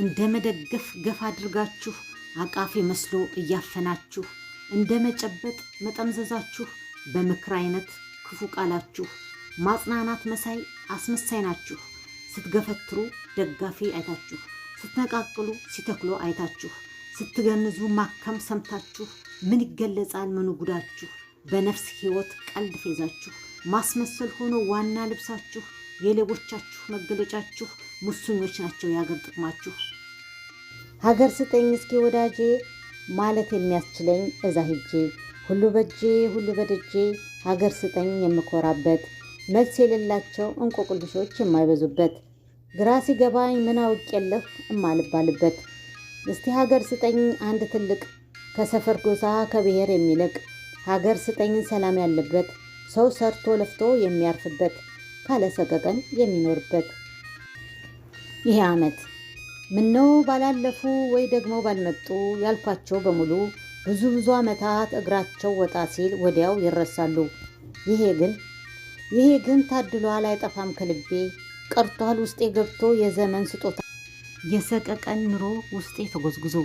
እንደ መደገፍ ገፍ አድርጋችሁ አቃፊ መስሎ እያፈናችሁ እንደ መጨበጥ መጠምዘዛችሁ በምክር አይነት ክፉ ቃላችሁ ማጽናናት መሳይ አስመሳይ ናችሁ። ስትገፈትሩ ደጋፊ አይታችሁ፣ ስትነቃቅሉ ሲተክሎ አይታችሁ፣ ስትገንዙ ማከም ሰምታችሁ፣ ምን ይገለጻል ምኑ ጉዳችሁ? በነፍስ ሕይወት ቀልድ ፌዛችሁ፣ ማስመሰል ሆኖ ዋና ልብሳችሁ፣ የሌቦቻችሁ መገለጫችሁ ሙስኞች ናቸው። የሀገር ጥቅማችሁ ሀገር ስጠኝ እስኪ ወዳጄ ማለት የሚያስችለኝ እዛ ሄጄ ሁሉ በጄ ሁሉ በደጄ ሀገር ስጠኝ የምኮራበት መልስ የሌላቸው እንቆቅልሾች የማይበዙበት ግራ ሲገባኝ ምን አውቅ የለፍ እማልባልበት እስቲ ሀገር ስጠኝ አንድ ትልቅ ከሰፈር ጎሳ ከብሔር የሚልቅ ሀገር ስጠኝ ሰላም ያለበት ሰው ሰርቶ ለፍቶ የሚያርፍበት ካለሰቀቀን የሚኖርበት ይሄ ዓመት ምነው ባላለፉ ወይ ደግሞ ባልመጡ ያልኳቸው በሙሉ ብዙ ብዙ ዓመታት እግራቸው ወጣ ሲል ወዲያው ይረሳሉ። ይሄ ግን ይሄ ግን ታድሏል፣ አይጠፋም ከልቤ ቀርቷል ውስጤ ገብቶ የዘመን ስጦታ የሰቀቀን ኑሮ ውስጤ ተጎዝጉዞ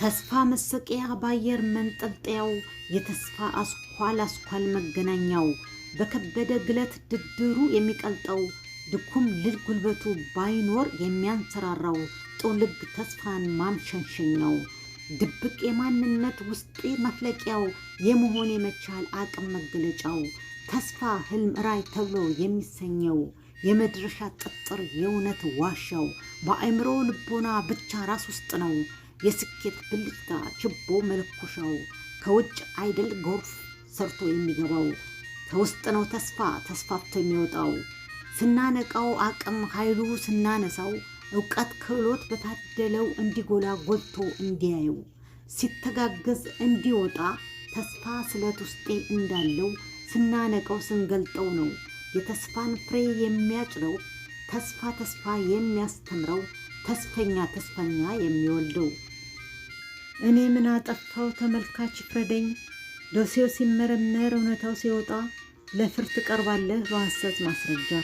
ተስፋ መሰቂያ በአየር መንጠልጠያው የተስፋ አስኳል አስኳል መገናኛው በከበደ ግለት ድድሩ የሚቀልጠው ድኩም ልል ጉልበቱ ባይኖር የሚያንሰራራው ጦልግ ተስፋን ማምሸንሸኝ ነው። ድብቅ የማንነት ውስጤ መፍለቂያው የመሆን የመቻል አቅም መገለጫው ተስፋ ህልም ራይ ተብሎ የሚሰኘው የመድረሻ ጥጥር የእውነት ዋሻው በአእምሮ ልቦና ብቻ ራስ ውስጥ ነው የስኬት ብልጭታ ችቦ መለኮሻው ከውጭ አይደል ጎርፍ ሰርቶ የሚገባው ከውስጥ ነው ተስፋ ተስፋፍቶ የሚወጣው። ስናነቃው አቅም ኃይሉ ስናነሳው እውቀት ክህሎት በታደለው እንዲጎላ ጎልቶ እንዲያየው ሲተጋገዝ እንዲወጣ ተስፋ ስለት ውስጤ እንዳለው ስናነቀው ስንገልጠው ነው የተስፋን ፍሬ የሚያጭረው ተስፋ ተስፋ የሚያስተምረው ተስፈኛ ተስፈኛ የሚወልደው። እኔ ምን አጠፋው ተመልካች ፍረደኝ። ዶሴው ሲመረመር እውነታው ሲወጣ ለፍርድ ቀርባለህ በሐሰት ማስረጃ